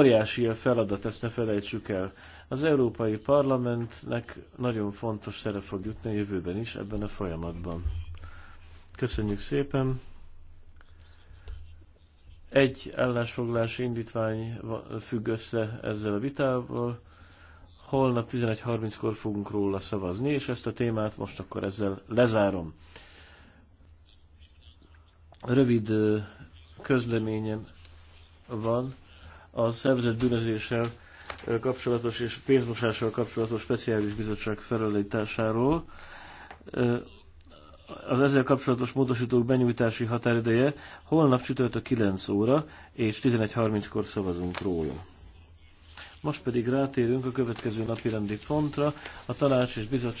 Óriási a feladat, ezt ne felejtsük el. Az Európai Parlamentnek nagyon fontos szerep fog jutni a jövőben is ebben a folyamatban. Köszönjük szépen! Egy állásfoglalási indítvány függ össze ezzel a vitával. Holnap 11.30-kor fogunk róla szavazni, és ezt a témát most akkor ezzel lezárom. Rövid közleményem van a szervezett bűnözéssel kapcsolatos és pénzmosással kapcsolatos speciális bizottság felállításáról. Az ezzel kapcsolatos módosítók benyújtási határideje holnap csütörtök 9 óra, és 11.30-kor szavazunk róla. Most pedig rátérünk a következő napi rendi pontra, a tanács és bizottság